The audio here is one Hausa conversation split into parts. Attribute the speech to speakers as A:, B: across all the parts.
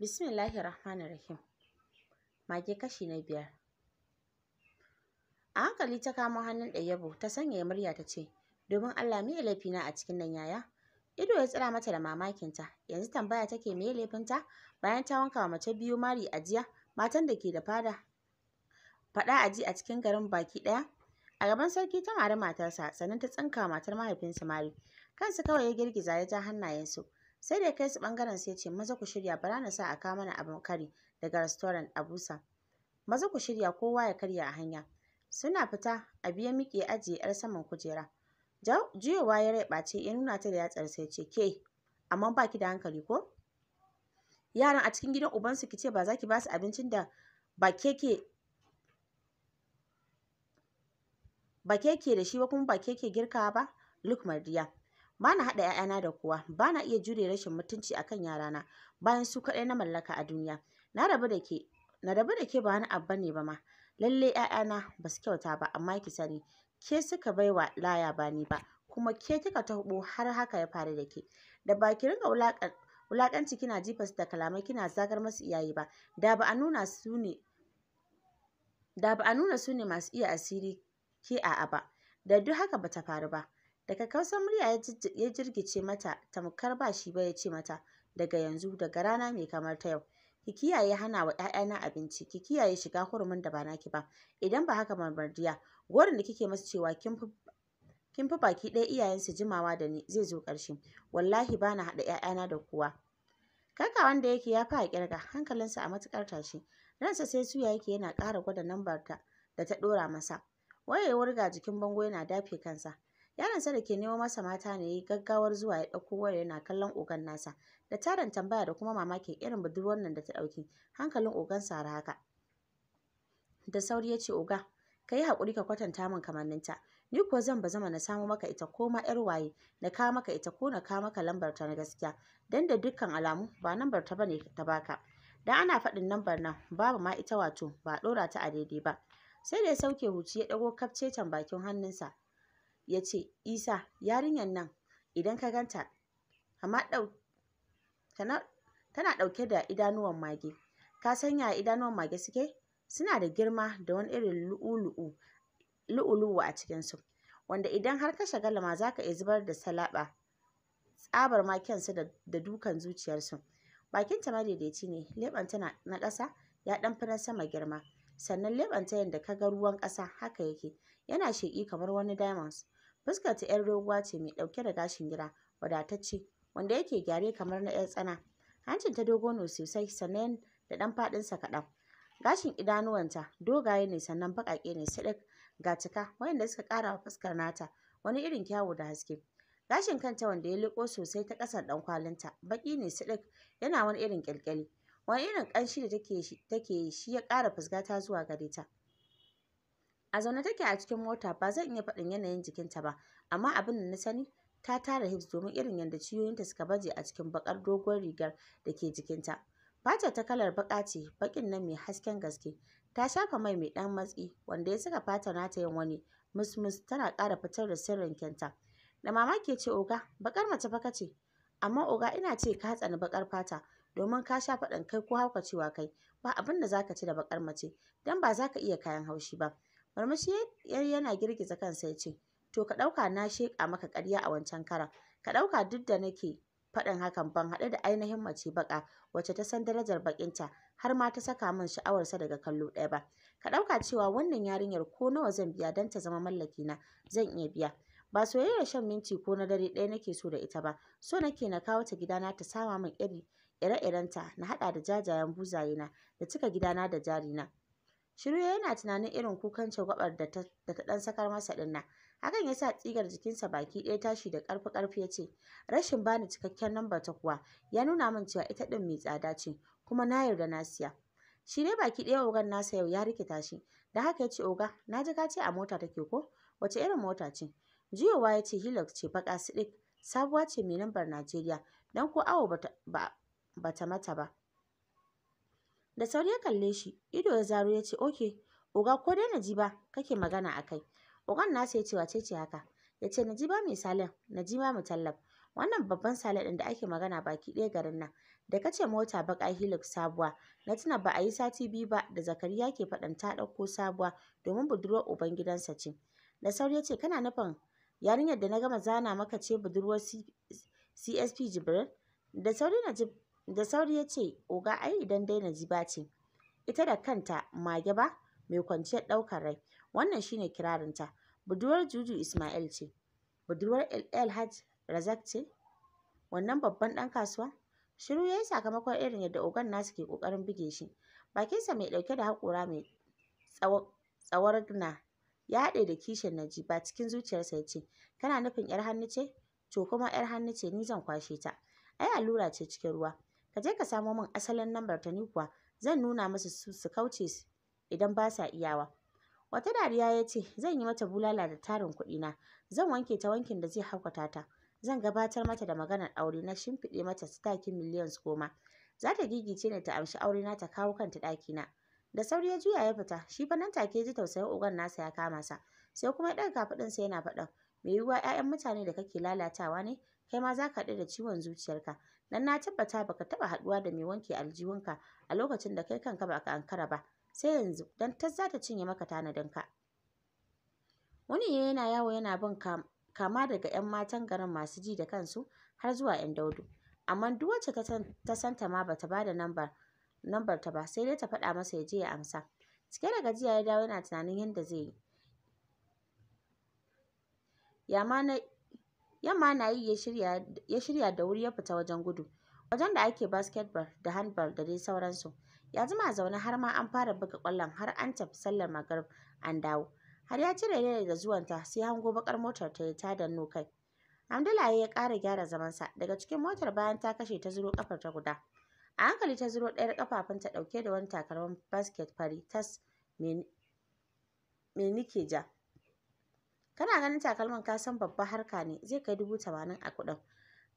A: Bismillahir Rahmanir Rahim. Mage kashi na biyar. A hankali ta kamo hannun Ɗayyabo ta sanya murya ta ce, "Domin Allah me laifina a cikin nan yaya?" Ido ya tsira mata da mamakinta, yanzu tambaya take me laifinta bayan ta wanka wa mace biyu mari a jiya, matan da ke da fada. Faɗa a ji a cikin garin baki ɗaya. A gaban sarki ta mari matarsa, sannan ta tsinka matar mahaifinsa mari. Kansu kawai ya girgiza ya ja hannayensu. sai da ya kai su bangaren sai ya ce maza ku shirya bara na sa a kawo mana abin kari daga restaurant abusa maza ku shirya kowa ya karya a hanya suna fita a biya miƙe ajiye yar saman kujera juyowa ya rai ɓace ya nuna ta da yatsar sai ce ke amma ba ki da hankali ko yaran a cikin gidan ubansu ki ce ba za ki ba su abincin da ba keke ba keke da shi ba kuma ba keke girkawa ba lukmar diya ba na haɗa ‘ya'yana da kowa ba na iya jure rashin mutunci a akan yarana bayan su kaɗai na mallaka a duniya na rabu da ke ba wani abu ne ba ma lalle ‘ya'yana ba su kyauta ba amma ki sani ke suka bai wa laya ba ni ba kuma ke kika taɓo har haka ya faru da ke da ba ki rinka wulaƙanci kina jifa su da kalamai kina zagar masu iyaye ba da ba a nuna su ne da ba a nuna su ne masu iya asiri ke a'a ba da duk haka ba ta faru ba daga kausar murya ya jirgice mata tamkar ba shi ba ya ce mata daga yanzu daga rana mai kamar ta yau ki kiyaye hana wa ƴaƴana abinci ki kiyaye shiga hurumin da ba naki ba idan ba haka mamardiya gorin da kike masa cewa kin fi baki ɗaya iyayensu jimawa da ni zai zo ƙarshe wallahi ba na haɗa 'ya'yana da kowa kaka wanda yake ya fara ƙirga hankalinsa a matuƙar tashi ransa sai suya yake yana ƙara gwada lambar ta da ta ɗora masa wayewar ga jikin bango yana dafe kansa sa da ke nemo masa mata ne yayi gaggawar zuwa ya ɗauko waya yana kallon ogan nasa da tarin tambaya da kuma mamakin irin budurwar nan da ta ɗauki hankalin ogan sa haka. Da sauri ya ce oga ka yi haƙuri ka kwatanta min kamanninta ni kuwa zan ba zama na samo maka ita ko ma ‘yar waye na kawo maka ita ko na kawo maka lambar ta na gaskiya don da dukkan alamu ba lambar ta bane ta baka dan ana faɗin lambar nan babu ma ita wato ba a ɗora ta a daidai ba sai da ya sauke huci ya ɗago kafcecen bakin hannunsa ya ce isa yarinyar nan idan ka ganta tana ɗauke da idanuwan mage ka san ya idanuwan mage suke suna da girma da wani irin lu'ulu'u a cikinsu wanda idan har ka shagala ma za ka iya zubar da salaba tsabar makensu da dukan zuciyarsu bakinta madaidaici ne leɓanta na ƙasa ya ɗan fi na sama girma sannan leɓanta yadda ka ga ruwan ƙasa haka yake yana sheƙi kamar wani diamonds fuskar ta yar doguwa ce mai ɗauke da gashin gida, wadatacce wanda yake gyare kamar na yar tsana hancin ta dogo ne sosai sannan da ɗan faɗinsa kaɗan gashin idanuwanta dogaye ne sannan baƙaƙe ne siɗik ga cika wayanda suka ƙara wa fuskar nata wani irin kyawu da haske gashin kanta wanda ya liƙo sosai ta ƙasar ta baƙi ne siɗik yana wani irin ƙyalƙyali wani irin ƙanshi da take yi shi ya ƙara fusgata zuwa gare ta a zaune take a cikin mota ba zan iya faɗin yanayin jikinta ba amma abin da na sani ta tara hips domin irin yadda ciyoyinta suka baje a cikin bakar dogon rigar da ke jikinta fata ta kalar baka ce bakin nan mai hasken gaske ta shafa mai mai ɗan matsi wanda ya saka fata nata yin wani musmus tana ƙara fitar da sirrin kyanta da mamaki ce oga bakar mace baka ce amma oga ina ce ka tsani bakar fata domin ka sha faɗin kai ko haukacewa kai ba abin da zaka ci da bakar mace dan ba zaka iya kayan haushi ba Murmushi yana girgiza kansa ya ce, To ka ɗauka na sheƙa maka ƙarya a wancan karan. Ka ɗauka duk da nake faɗin hakan ban haɗe da ainihin mace baƙa wacce ta san darajar baƙinta har ma ta saka min sha'awarsa daga kallo ɗaya ba. Ka ɗauka cewa wannan yarinyar ko nawa zan biya don ta zama mallaki na zan iya biya. Ba soyayyar shan minti ko na dare ɗaya nake so da ita ba, so nake na kawo ta gidana ta sama min iri ire-irenta na haɗa da jajayen buzayena da cika gidana da jarina. Shiru yana tunanin irin kukan cagwabar da ta ɗan sakar masa ɗinnan. Hakan ya sa tsigar jikinsa baki ɗaya tashi da ƙarfi-ƙarfi ya ce, Rashin bani cikakken lambar ta kuwa ya nuna min cewa ita ɗin mai tsada ce, kuma na yarda na siya. Shi ne baki ɗaya ogan nasa yau ya rikita shi, da haka ya ce oga, na ji ka ce a mota take ko? Wace irin mota ce? Jiyowa ya ce Hilux ce baƙa siɗik, sabuwa ce mai lambar Najeriya, don ko awo bata, bata mata ba. Da sauri ya kalle shi, ido ya zaro ya ce, "Oke, oga ko dai Najiba kake magana a kai." Ogan nasa ya ce, "Wace ce haka?" Ya ce, "Najiba mai salem Najiba tallaf.' Wannan babban sale ɗin da ake magana baki ɗaya garin nan. Da kace mota baƙa Hilux sabuwa, na tuna ba a yi sati biyu ba da Zakariya ke faɗin ta ɗauko sabuwa domin budurwar ubangidansa ce. Da sauri ya ce, "Kana nufin yarinyar da na gama zana maka ce budurwar CSP Jibril?" Da sauri Najib Da sauri ya ce, Oga ai idan dai Najiba ce, ita da kanta mage ba mai kwanciyar ɗaukar rai. Wannan shine kirarinta. Budurwar Juju Ismail ce. Budurwar Elhaj Razak ce. Wannan babban ɗan kasuwa. Shiru ya yi sakamakon irin yadda ogan nasu ke ƙoƙarin buge shi. Bakinsa mai ɗauke da haƙora mai tsawar na ya haɗe da kishin Najiba cikin zuciyarsa ya ce, Kana nufin ‘yar hannu ce? To kuma ‘yar hannu ce ni zan kwashe ta. Ai allura ce cikin ruwa. ka je ka samo min asalin lambar ta ni kuwa zan nuna musu su su kauce idan ba sa iyawa wata dariya ya ce zan yi mata bulala da tarin kuɗina zan wanke ta wankin da zai haukata ta zan gabatar mata da maganar aure na shimfiɗe mata sitakin miliyan goma za ta gigice ne ta amshi aure na ta kawo kanta ɗaki na. da sauri ya juya ya fita shi fa nan take ji tausayin ugan nasa ya kama sa sai kuma ya ɗaga kafaɗinsa yana faɗan mai yiwuwa 'ya'yan mutane da kake lalatawa ne kai ma za ka haɗu da ciwon zuciyarka dan na tabbata baka taɓa haɗuwa da mai wanke aljihunka a lokacin da kai kanka baka ankara ba sai yanzu dan za ta cinye maka tanadinka wani yana yawo yana bin kama daga 'yan matan garin masu ji da kansu har zuwa 'yan daudu amma duk wacce ta santa ma bata bada lambar lambar ta ba sai dai ta faɗa masa ya je ya amsa cike da gajiya ya dawo yana tunanin yadda zai yi ya ma na Yamma na yi ya shirya da wuri ya fita wajen gudu, wajen da ake basketball da handball da dai sauransu. Ya jima a zaune har ma an fara buga kwallon har an tafi sallar magarib an dawo. Har ya cire daidai da zuwanta sai hango baƙar motar ta yi ta danno kai. Hamdala ya ƙara gyara zamansa daga cikin motar bayan ta kashe ta zuro ta guda. A hankali ta zuro ɗayar ta ɗauke da wani takalmin basket fari tas me nike ja. Kana ganin takalman ka san babba harka ne zai kai dubu tamanin a kuɗin.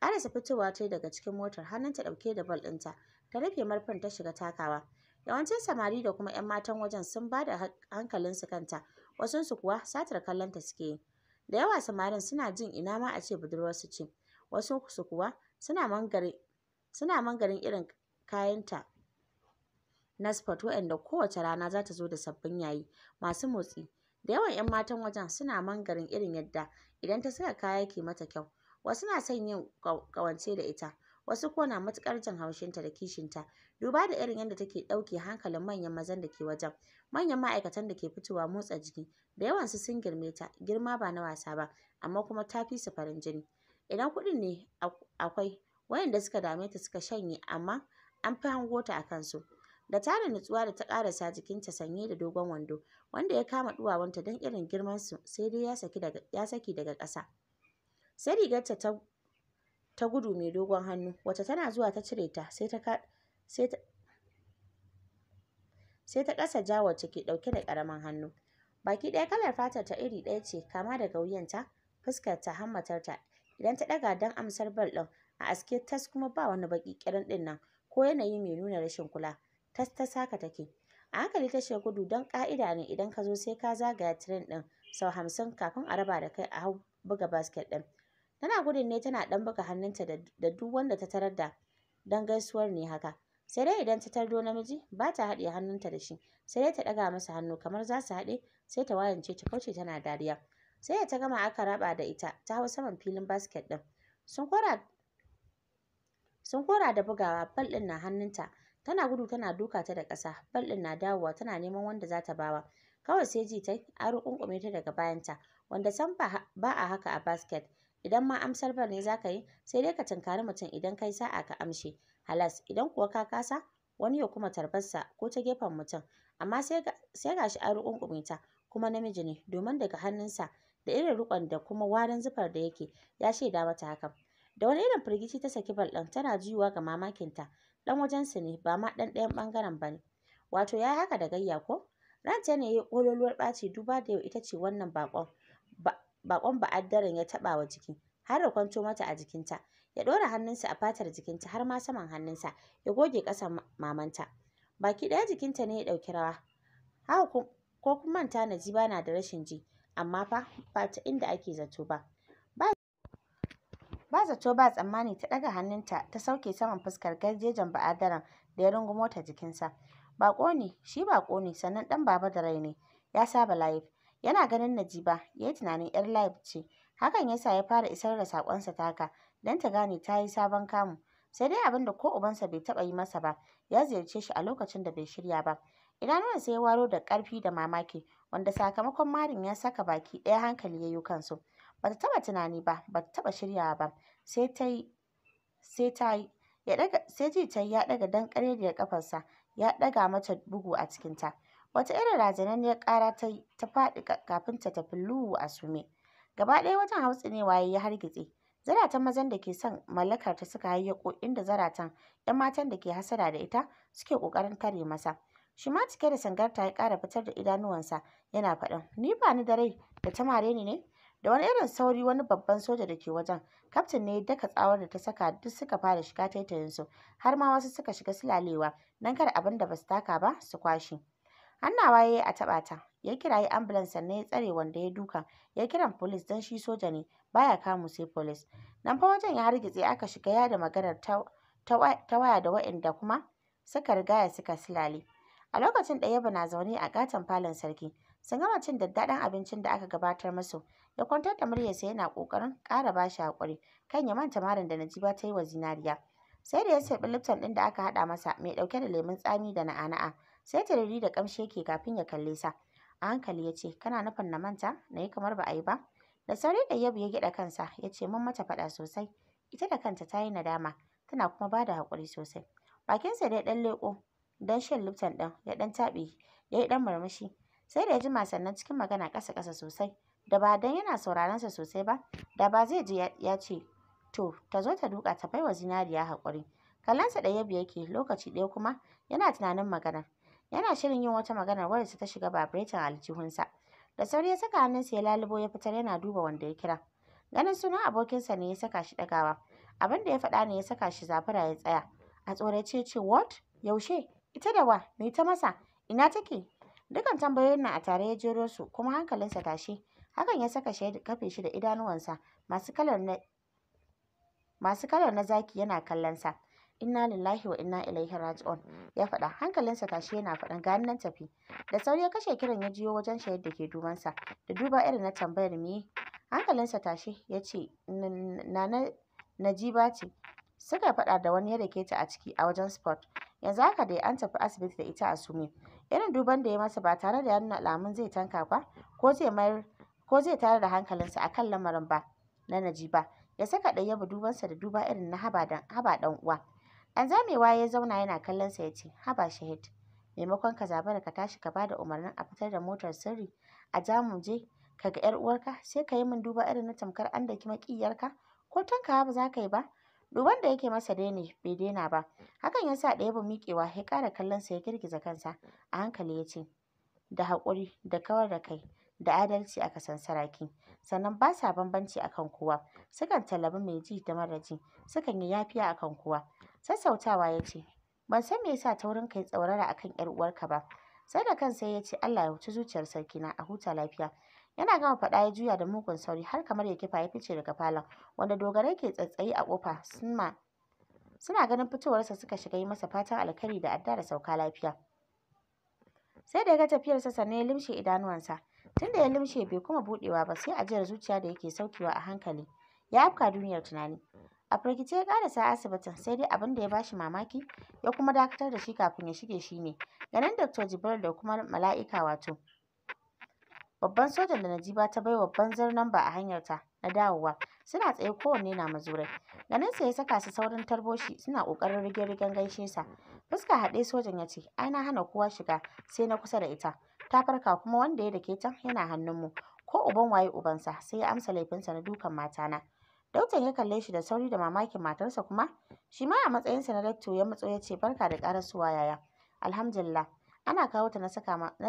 A: Ƙarasa fitowa ta daga cikin motar hannunta ɗauke da bal ɗinta ta rufe marfin ta shiga takawa. Yawancin samari da kuma 'yan matan wajen sun ba da hankalinsu kanta wasunsu kuwa satar kallonta suke yi. Da yawa samarin suna jin ina ma a ce budurwarsu ce wasu su kuwa suna suna mangarin irin kayanta na sport waɗanda kowace rana za ta zo da sabbin yayi masu motsi Da yawan 'yan matan wajen suna mangarin irin yadda idan ta saka kaya ke mata kyau. Wasu na son yin ƙawance da ita, wasu kuwa na matuƙar jin haushinta da kishinta duba da irin yadda take ɗauke hankalin manyan mazan da ke wajen. Manyan ma'aikatan da ke fitowa motsa jiki da yawansu sun girme ta, girma ba na wasa ba, amma kuma ta fi su farin jini. Idan kuɗin ne akwai, waɗanda suka dame ta suka shanye amma an fi hango ta a kansu. da tara nutsuwa da ta ƙarasa jikinta sanye da dogon wando wanda ya kama duwawanta don irin girmansu sai dai ya saki daga ƙasa sai rigarta ta gudu mai dogon hannu wacce tana zuwa ta cire ta sai ta sai ta ƙasa ja wacce ke ɗauke da karamin hannu baki ɗaya kalar fatar ta iri ɗaya ce kama daga wuyanta fuskar ta hammatar ta idan ta ɗaga don amsar bal ɗin a aske tas kuma ba wani baki ƙirin ɗin nan ko yanayi mai nuna rashin kula tas ta saka take a hankali ta shiga gudu don ka'ida ne idan ka zo sai ka zagaya tiren ɗin sau hamsin kafin a raba da kai a hau buga basket ɗin tana gudun ne tana ɗan buga hannunta da duk wanda ta tarar da don gaisuwar ne haka sai dai idan ta tardo namiji ba ta haɗe hannunta da shi sai dai ta ɗaga masa hannu kamar za su haɗe sai ta wayance ta kauce tana dariya sai da ta gama aka raba da ita ta hau saman filin basket ɗin sun kora sun kora da bugawa bal ɗin na hannunta tana gudu tana duka ta da ƙasa bal ɗin na dawowa tana neman wanda za ta bawa kawai sai ji ta an rukunkume ta daga bayanta wanda san ba a haka a basket idan ma amsar bal ne zaka yi sai dai ka tunkari mutum idan kai sa'a ka amshe halas idan kuwa ka kasa wani ya kuma tarbarsa ko ta gefen mutum amma sai ga shi an rukunkume ta kuma namiji ne domin daga hannun sa da irin rukon da kuma warin zufar da yake ya shaida mata hakan da wani irin firgici ta saki bal ɗin tana juyuwa ga mamakin ta. ɗan wajensu ne ba ma ɗan ɗayan ɓangaren ba ne. Wato ya haka da gayya ko? Ranta ne ya yi ƙololuwar ɓaci duba da yau ita ce wannan baƙon baƙon ya taɓa wa jiki har da kwanto mata a jikinta. Ya ɗora hannunsa a fatar jikinta har ma saman hannunsa ya goge ƙasan mamanta. Baki ɗaya jikinta ne ya ɗauki rawa. Haka ko kun manta Najiba na da rashin ji amma fa ba ta inda ake zato ba. Ba zato ba tsammani ta ɗaga hannunta ta sauke saman fuskar garjejen ba'adaran da ya rungumo ta jikinsa. Baƙo ne, shi baƙo ne, sannan ɗan baba da rai ne, ya saba layif. Yana ganin Najiba, ya yi tunanin 'yar layif ce. Hakan ya sa ya fara isar da saƙonsa taka. haka, don ta gane ta yi sabon kamu. Sai dai abin da ko ubansa bai taɓa yi masa ba, ya ziyarce shi a lokacin da bai shirya ba. sai ya waro da ƙarfi da mamaki, wanda sakamakon marin ya saka baki ɗaya hankali ya yi kansu. bata ta taɓa tunani ba bata taba shiryawa ba sai ta sai ta ya daga sai ji ta ya daga dan kafarsa ya daga mata bugu a cikin ta wata irin razananniyar kara ta ta faɗi kafin ta tafi luwu a sume gaba ɗaya wajen hautsinewa ya hargitse zaratan mazan da ke son mallakar ta suka hayyako inda zaratan yan matan da ke hasara da ita suke ƙoƙarin kare masa shi ma cike da sangarta ya kara fitar da idanuwansa yana faɗin ni ba ni da rai da ta mare ni ne Da wani irin sauri wani babban soja da ke wajen, kaftin ne ya daka tsawar da ta saka duk suka fara shiga su har ma wasu suka shiga silalewa don kar abin da basu taka ba su kwashe. Hannawa ya yi a taɓa ta, ya kirayi ambulance sannan ya tsare wanda ya duka, ya kiran folis don shi soja ne, baya kamu sai folis. Nan fa wajen ya hargitse aka shiga yada maganar ta, ta waya da wa'inda kuma suka rigaya suka silale. A lokacin ɗaya na zaune a ƙaton falon sarki, sun gama cin daddaɗan abincin da aka gabatar musu, ya kwantar da muryarsa yana ƙoƙarin ƙara ba shi haƙuri kan ya manta marin da Najiba ta yi wa zinariya. Sai da ya saɓi Lipton ɗin da aka haɗa masa mai ɗauke da lemun tsami da na'ana'a sai tururi da ƙamshi yake kafin ya kalle sa. A hankali ya ce kana nufin na manta na yi kamar ba a yi ba. Da sauri da yabu ya gyaɗa kansa ya ce mun mata faɗa sosai ita da kanta ta yi nadama tana kuma bada da haƙuri sosai. Bakinsa da ya ɗan leƙo don shan Lipton ɗin ya ɗan taɓe ya yi ɗan murmushi sai da ya jima sannan cikin magana ƙasa-ƙasa sosai da ba dan yana sauraron sa sosai ba da ba zai ji ya ce to ta zo ta duka ta baiwa zinariya haƙuri sa ɗaya yabi yake lokaci ɗaya kuma yana tunanin magana. yana shirin yin wata maganar wadda ta shiga babretin aljihunsa da sauri ya saka hannunsa ya lalubo ya fitar yana duba wanda ya kira ganin sunan abokinsa ne ya saka shi ɗagawa abin da ya faɗa ne ya saka shi zafira ya tsaya a tsorace ce what yaushe ita da wa me ta masa ina take dukan tambayoyin nan a tare ya jero su kuma hankalinsa tashe hakan ya saka shi kafe shi da idanuwansa masu kalar na masu kalar na zaki yana kallon sa inna lillahi wa inna ilaihi raji'un ya faɗa hankalinsa tashi yana faɗan gani nan tafi da sauri ya kashe kiran ya jiyo wajen shayar da ke dubansa da duba irin na tambayar me hankalinsa tashi ya ce nana najiba ce suka faɗa da wani ya dake ta a ciki a wajen sport yanzu haka dai an tafi asibiti da ita a sume irin duban da ya masa ba tare da ya nuna alamun zai tanka ba ko zai mayar ko zai tayar da hankalinsa a kan lamarin ba na Najiba ya saka ɗaya ba dubansa da duba irin na haba ɗan uwa an zamewa ya zauna yana kallonsa ya ce, haba shahid maimakon ka zabara ka tashi ka bada umarnin a fitar da motar sirri a zamu je ka ga yar uwarka sai ka yi min duba irin na tamkar an kima makiyarka ko tankawa ba za ka yi ba duban da yake masa daina bai daina ba hakan ya sa ɗaya ba miƙewa ya ƙara kallonsa ya girgiza kansa a hankali ya ce da haƙuri da kawar da kai da adalci a san saraki, sannan ba sa bambanci a kan kowa, sukan talabi mai ji da mara ji, sukan yi yafiya akan kowa. Sassautawa ya ce, ban san me yasa taurin kai tsaurara a kan ‘yar uwarka ba. Sai da sai ya ce Allah ya wuce zuciyar sarkina a huta lafiya. Yana gama faɗa ya juya da mugun sauri har kamar ya kifa ya fice daga falon wanda dogarai ke tsatsayi a ƙofa suna suna ganin fitowarsa suka shiga yi masa fatan alkhairi da adda da sauka lafiya. Sai da ya ga tafiyarsa sannan ya limshe idanuwansa. tunda ya limshe bai kuma budewa ba sai ajiyar zuciya da yake saukewa a hankali ya afka duniyar tunani a firgice ya karasa asibitin sai dai abin da ya bashi mamaki ya kuma dakatar da shi kafin ya shige shi ne ganin dr jibril da kuma mala'ika wato babban sojan da ba ta bai wa banzar namba a hanyarta na dawowa suna tsaye kowanne na mazurai ganin sa ya saka su saurin tarboshi suna kokarin rige-rigen gaishe sa fuska haɗe sojan ya ce ai na hana kowa shiga sai na kusa da ita ta farka kuma wanda ya dake can yana mu. ko uban waye ubansa sai ya amsa laifinsa na dukan matana dautan ya kalle shi da sauri da mamakin matarsa kuma shi ma a matsayinsa na dakto ya matso ya ce barka da karasuwa yaya alhamdulillah ana kawo ta na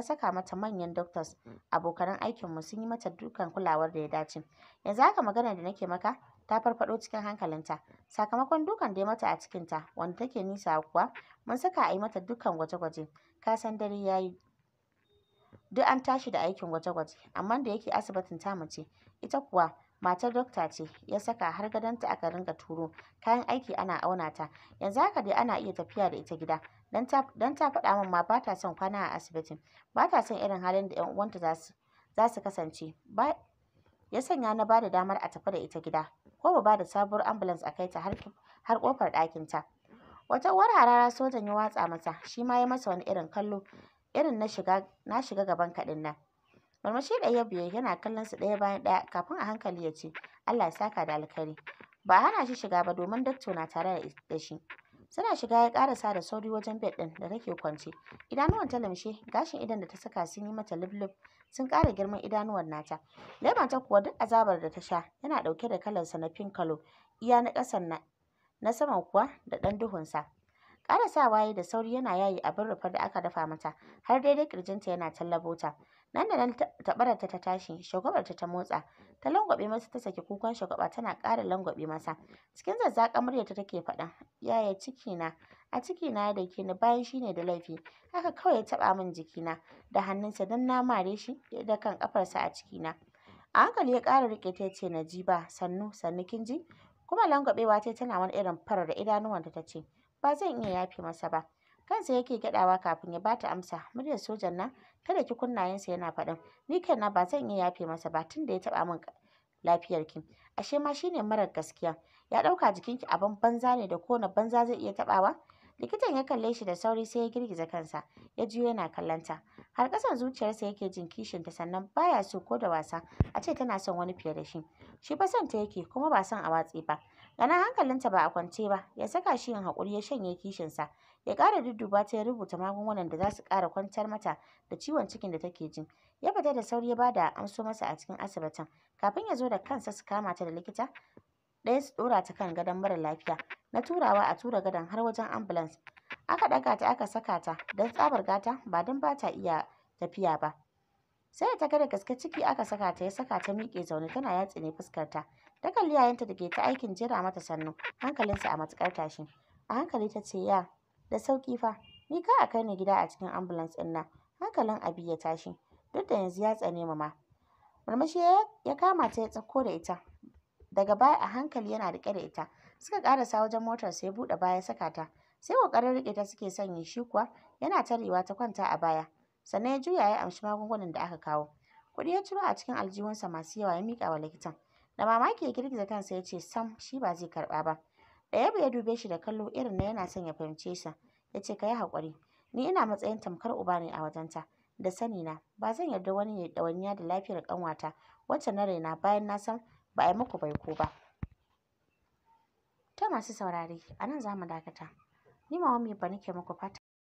A: saka mata manyan doctors abokanan aikinmu sun yi mata dukan kulawar da ya dace yanzu haka magana da nake maka ta farfado cikin hankalinta sakamakon dukan da ya mata a cikinta wanda take nisa kuwa mun saka a yi mata dukan gwaje-gwaje kasan dare ya yi Duk an tashi da aikin gwaje-gwaje, amma da yake asibitin tamu ce, ita kuwa matar Dokta ce ya saka har gadonta aka ringa turo kayan aiki ana auna ta, yanzu haka dai ana iya tafiya da ita gida, don ta faɗa min ma ba ta son kwana a asibitin, ba ta son irin halin da 'yan uwanta za su kasance, ya sanya na bada damar a tafi da ita gida, ko mu ba da sabuwar ambulans a kai ta har ɗakin ta Wata uwar harara sojan ya watsa mata, shi ma ya masa wani irin kallo, irin na shiga gaban kaɗin nan. Murmushi ɗaya biye yana kallon su ɗaya bayan ɗaya kafin a hankali ya ce Allah ya saka da alkhairi. Ba a hana shi shiga ba domin dakto na tare da shi. Suna shiga ya ƙarasa da sauri wajen bed ɗin da take kwance. Idanuwan ta lamshe gashin idan da ta saka sun yi mata lublub sun ƙara girman idanuwan nata. Leban ta kuwa duk azabar da ta sha yana ɗauke da kalarsa na pink kalo iya na ƙasan na na saman kuwa da ɗan duhunsa. sa waye da sauri yana yayi abin rufar da aka dafa mata har daidai kirjinta yana tallabo ta. Nan da nan taɓararta ta tashi, shagwabarta ta motsa, ta langwaɓe masa ta saki kukan shagwaba tana ƙara langwabe masa. Cikin zazzaƙan muryarta take faɗa, yaya cikina, a cikina ya dake ni bayan shi ne da laifi, haka kawai ya taɓa min jikina da hannunsa don na mare shi da kan ƙafarsa a cikina. A hankali ya ƙara rike ta yace ji Najiba sannu sannu kin ji? Kuma langwaɓewa ta tana wani irin farar da idanuwanta ta ce ba zan iya yafe masa ba kansa yake gyaɗawa kafin ya bata amsa muryar sojan nan ki ki kunnayensa yana faɗin ni na, ba zan iya yafe masa ba tunda ya taɓa min lafiyarki ashe ma shine marar gaskiya ya ɗauka jikinki abin banza ne da kona banza zai iya tabawa likitan ya kalle shi da sauri sai ya girgiza kansa ya jiyo yana kallonta har ƙasan zuciyarsa yake jin kishinta sannan baya so ko da wasa a ce tana son wani fiye da shi shi fa son ta yake kuma ba son a watsi ba Ganin hankalinta ba a kwance ba, ya saka shi yin haƙuri ya shanye kishinsa. Ya ƙara dudduba ta ya rubuta magungunan da za su ƙara kwantar mata da ciwon cikin da take jin Ya fita da sauri ya ba da amso masa a cikin asibitin. Kafin ya zo da kansa su kama ta da likita, ɗaya su ɗora ta kan gadon mara lafiya. Na turawa a tura gadon har wajen ambulance. Aka ɗaga ta aka saka ta don tsabar gata ba don ba ta iya tafiya ba. Sai da ta ga da gaske ciki aka saka ta ya saka ta miƙe zaune tana yatsi ne fuskarta. ta kalli yayanta da ke ta aikin jera mata sannu hankalinsa a matukar tashi a hankali ta ce ya da sauki fa ni ka a kai ni gida a cikin ambulance din nan hankalin abi ya tashi duk da yanzu ya tsane mama murmushi ya kama ta ya tsakko da ita daga baya a hankali yana rike da ita suka karasa wajen motar sai buɗe baya saka ta sai ƙoƙarin riƙe ta suke sanya shi kuwa yana tarewa ta kwanta a baya sannan ya juya ya amshi magungunan da aka kawo kuɗi ya ciro a cikin aljihunsa masu yawa ya miƙa wa likitan da mamaki ya girgiza kansa ya ce sam shi ba zai karɓa ba ɗayabu ya dube shi da kallo irin na yana son ya fahimce sa ya ce ka yi haƙuri ni ina matsayin tamkar uba ne a wajenta da sani na ba zan yarda wani ya ɗawainiya da lafiyar ƙanwata wacce na raina bayan na san ba a yi muku baiko ba ta masu saurare a nan za mu dakata ni ma wani ba nake muku fata